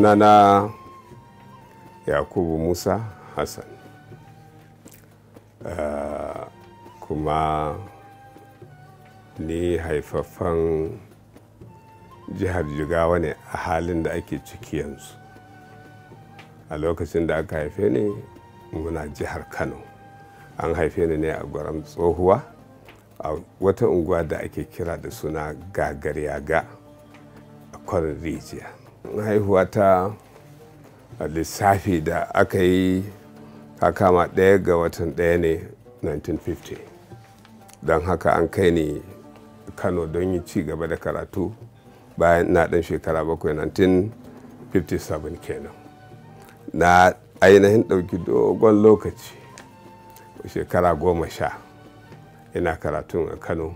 da na yakubu musa hassan ah, kuma ni haifaffan jihar jigawa ne a halin da ake ciki yanzu a lokacin da aka haife ni muna jihar kano an haife ni ne a gwaram tsohuwa a wata unguwa da ake kira da suna ga a kwarin rijiya haihuwata ta lissafi da aka yi kakama ɗaya ga watan ɗaya ne 1950 don haka an kai ni kano don yi ci gaba da karatu bayan na ɗan shekara bakwai 1957 kenan na ainihin ɗauki dogon lokaci shekara goma sha ina karatun a kano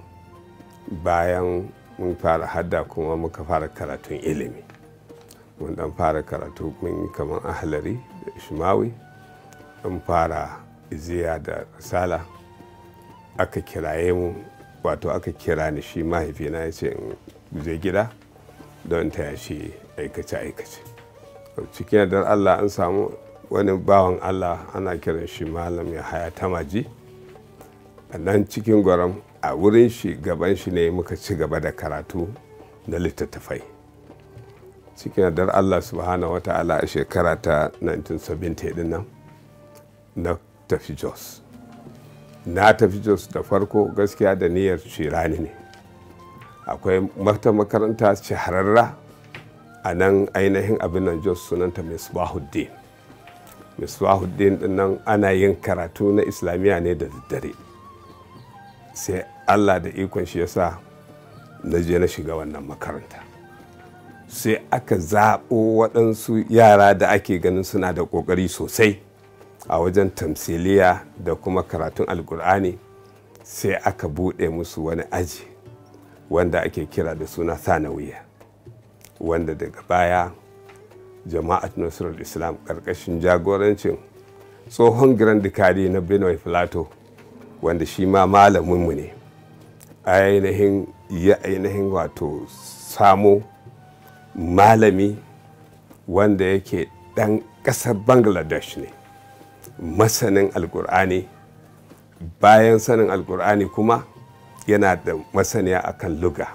bayan mun fara hada kuma muka fara karatun ilimi mun dan fara karatu mun yi kamar ahlari da ishmawi mun fara iziya da risala aka kiraye mu wato aka kira ni shi mahaifina ya ce in je gida don ta yashi aikace aikace cikin yardar allah an samu wani bawan allah ana kiran shi malam ya haya tamaji a nan cikin gwaram a wurin shi gaban shi ne muka ci gaba da karatu na littattafai cikin yardar allah subhanahu ta'ala a shekara ta 1970 din nan na tafi jos na tafi jos da farko gaskiya da niyyar shirani ne akwai mata makaranta shahararra a nan ainihin abin nan jos sunanta misbahuddin misbahuddin din nan ana yin karatu na islamiyya ne da daddare sai allah da ikon shi ya sa na je na shiga wannan makaranta sai aka zaɓo waɗansu yara da ake ganin suna da ƙoƙari sosai a wajen tamsiliya da kuma karatun alkur'ani sai aka buɗe musu wani aji wanda ake kira da suna sanawiya wanda daga baya jama'at nasarar islam ƙarƙashin jagorancin tsohon giran dikari na benue plateau wanda shi ma malaminmu ne ainihin wato samo malami wanda yake ɗan ƙasar bangladesh ne masanin alkur'ani bayan sanin alkur'ani kuma yana da masaniya akan luga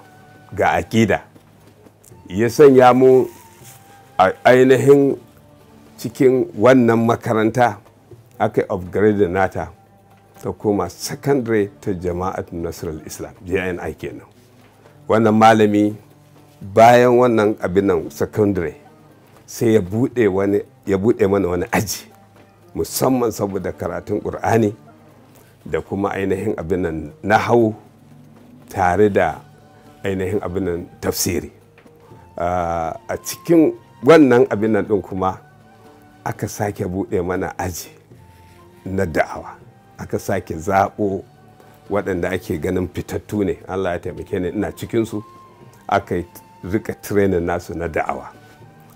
ga akida ya sanya mu a ainihin cikin wannan makaranta aka yi upgrade nata ta koma secondary ta jama'at nasarar islam jni kenan wannan malami bayan wannan abin nan secondary sai ya buɗe mana wani aji musamman saboda karatun ƙur'ani da kuma ainihin abin nan na hau tare da ainihin abin nan tafsiri ah, a cikin wannan abin nan ɗin kuma aka sake buɗe mana aji na da'awa aka sake zaɓo waɗanda ake ganin fitattu ne allah ya taimake ni ina cikinsu aka rika trenin nasu na da'awa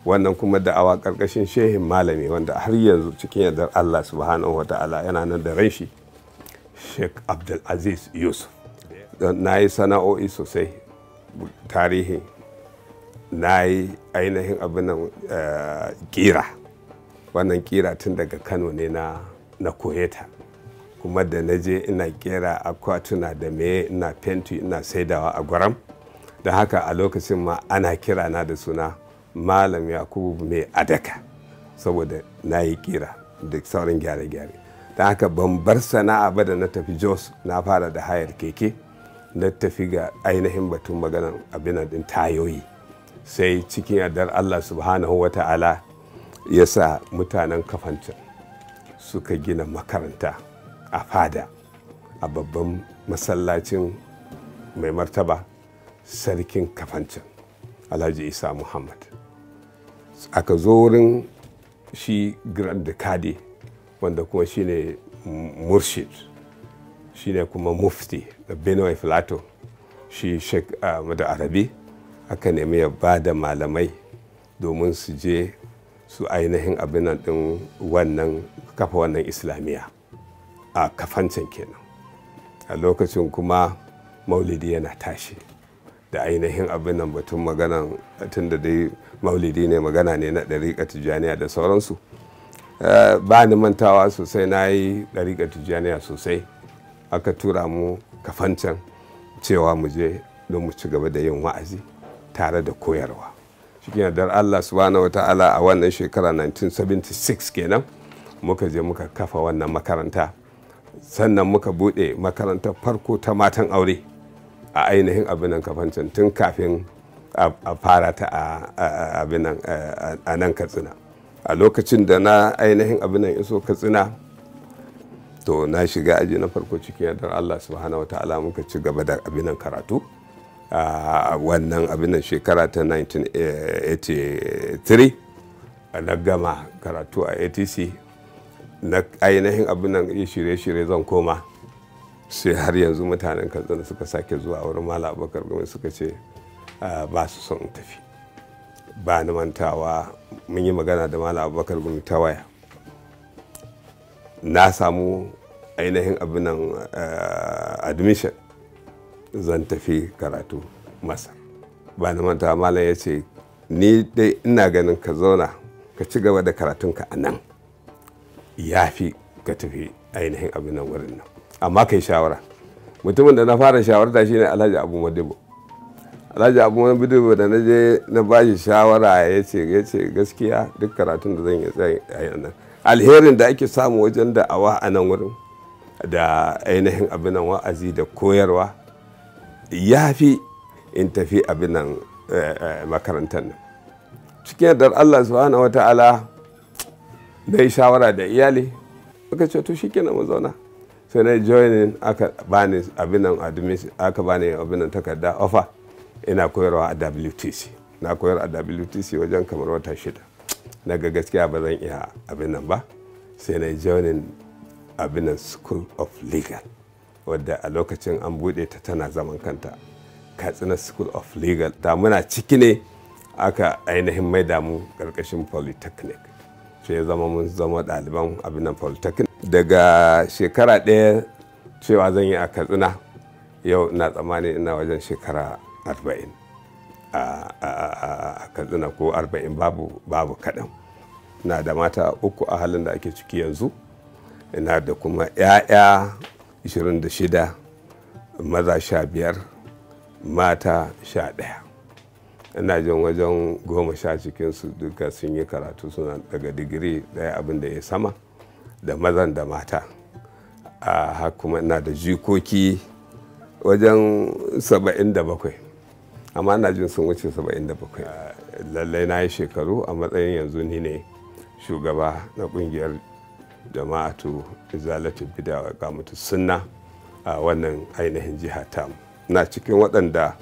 wannan kuma da'awa karkashin shehin malami wanda har yanzu cikin yardar Allah subhanahu wa ta'ala yana nan da ran shi Sheikh Abdul Yusuf na yi sana'o'i sosai tarihi na yi ainihin abin kira eh, wannan kira tun daga Kano ne na na koyeta kuma da na je ina kera akwatuna da me ina fenti ina saidawa a gwaram da haka a lokacin ma ana kira na da suna malam yakubu mai adaka saboda na yi kira da sauran gyare-gyare da haka ban bar sana'a ba da na tafi jos na fara da hayar keke na tafi ga ainihin batun maganar abin din tayoyi sai cikin yardar allah subhanahu wa ta'ala ya sa mutanen kafancin suka gina makaranta a fada a babban masallacin mai martaba sarkin kafancin alhaji isa muhammad aka zo wurin shi grand Kadi wanda kuma shine murshid shine kuma mufti da benue filato shi sheik ahmad arabi aka nemi ya ba da malamai domin su je su ainihin abin din wannan kafa wannan islamiyya a kafancin kenan a lokacin kuma maulidi yana tashi da ainihin abin nan batun magana tun da dai maulidi ne magana ne na ɗariƙa tijjaniya da sauransu eh, ba ni mantawa sosai na yi ɗariƙa tijjaniya sosai aka tura mu kafancan cewa mu je don mu ci gaba da yin wa'azi tare da koyarwa cikin yardar allah subhanahu wa ta'ala a wannan shekara 1976 kenan muka je muka kafa wannan makaranta sannan muka buɗe makarantar farko ta matan aure a ainihin abinan kafancin tun kafin a fara ta a nan katsina a lokacin da na ainihin abinan iso katsina to na shiga aji na farko cikin yadda allah subhanahu wata'ala muka ci gaba da abinan karatu a wannan abinan shekara ta 1983 eh, na gama karatu a atc na ainihin abinan shirye-shirye zan koma sai har yanzu mutanen katsina suka sake zuwa wurin malam abubakar gumi suka ce ah, ba su son tafi ba ni mantawa mun yi magana da malam abubakar gumi ta waya na samu ainihin abinan ah, admission zan tafi karatu masar ba ni mantawa malam ya ce ni dai ina ganin ka zauna ka ci gaba da karatunka a nan ya fi ka tafi ainihin abinan wurin nan amma kai shawara mutumin da na fara shawarta shine alhaji abu madibo alhaji abu madibo da na je na ba shi shawara ya ce ya ce gaskiya duk karatun da zan yi tsaye nan alherin da ake samu wajen da a nan wurin da ainihin abinan wa'azi da koyarwa ya fi in tafi abinan eh, eh, makarantar nan cikin yadda allah subhanahu wa na yi shawara da iyali muka ce to shi kenan sai na joinin aka bani abinan admission aka bani abinan takarda offer ina koyarwa a WTC na koyar a WTC wajen kamar wata shida na ga gaskiya ba zan iya abin ba sai na joinin abin school of legal wadda a lokacin an bude ta tana zaman kanta katsina school of legal da muna ciki ne aka ainihin mai damu karkashin polytechnic sai zama mun zama ɗaliban abin polytechnic daga shekara ɗaya cewa zan yi a katsina yau na tsammani ina wajen shekara arba'in a katsina ko arba'in babu babu kaɗan na da mata uku a halin da ake ciki yanzu ina da kuma 'ya'ya 26 maza sha biyar mata sha ɗaya ina jin wajen goma sha cikinsu duka sun yi karatu suna daga digiri ɗaya abin da ya sama da mazan da mata a kuma ina da jikoki wajen 77 amma ina jin sun wuce 77 lallai na yi shekaru a matsayin yanzu ni ne shugaba na kungiyar jama'atu izalatu bida wa gamutu sunna a wannan ainihin jiha ta na cikin waɗanda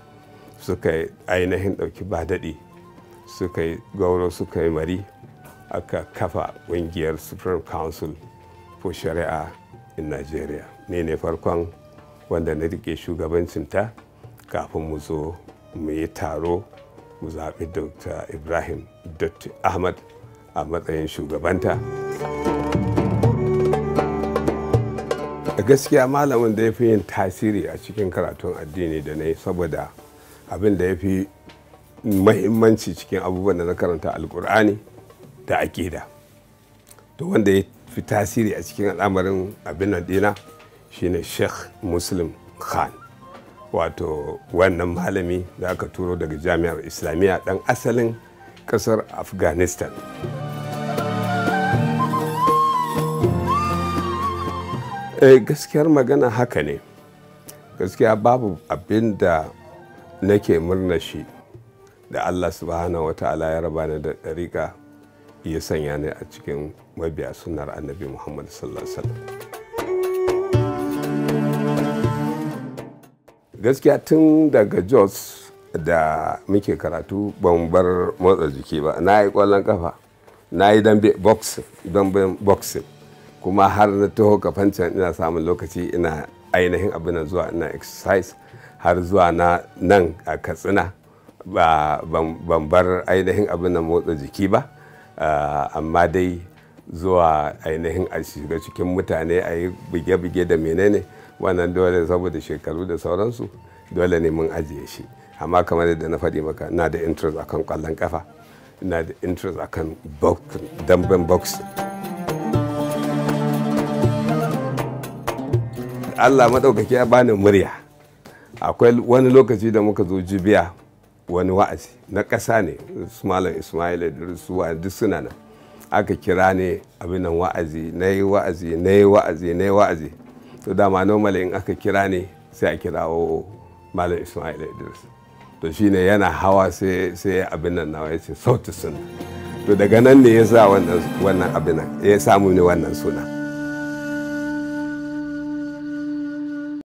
suka ainihin ɗauki ba daɗi suka yi gauro suka yi mari aka kafa ƙungiyar supreme council for shari'a in nigeria ne ne farkon wanda na rike shugabancinta kafin mu zo mu yi taro mu zaɓi dr ibrahim dotti ahmad a matsayin shugabanta a gaskiya malamin da ya fi yin tasiri a cikin karatun addini da na yi saboda abin da ya fi muhimmanci cikin abubuwan da na karanta alkur'ani da aƙida to wanda ya fi tasiri a cikin al'amarin abin nan dina shine sheikh muslim khan wato wannan malami da aka turo daga jami'ar islamiyya dan asalin kasar afghanistan e, gaskiyar magana haka ne gaskiya babu abin da nake murna shi da allah subhanahu wa ta'ala ya raba da ɗariƙa ya sanya ni a cikin mabiya sunar annabi muhammad sallallahu gaskiya tun daga jos da muke karatu ban bar motsa jiki ba na yi kwallon kafa na yi dambe boxing kuma har na taho kafancan ina samun lokaci ina ainihin abin zuwa ina exercise har zuwa na nan a katsina ban bar ainihin abin motsa jiki ba Eh, amma dai zuwa ainihin a shiga cikin mutane a yi buge-buge da menene wannan dole saboda shekaru da sauransu dole ne mun ajiye shi amma kamar da na faɗi maka na da interest akan kwallon kafa na da interest akan damben box. Allah maɗaukaki ya bani murya akwai wani lokaci da muka zo jibiya wani wa'azi na ƙasa ne su malam ismail su duk suna nan aka kira ne abin nan wa'azi na yi wa'azi na yi wa'azi na yi wa'azi to dama normal in aka kira ne sai a kirawo malam ismail idris to shi ne yana hawa sai abin nan nawa ya ce sautu suna to daga nan ne ya sa wannan abin nan ya samu ne wannan suna